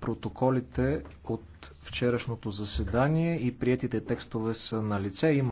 Протоколите от вчерашното заседание и приетите текстове са на лице. Има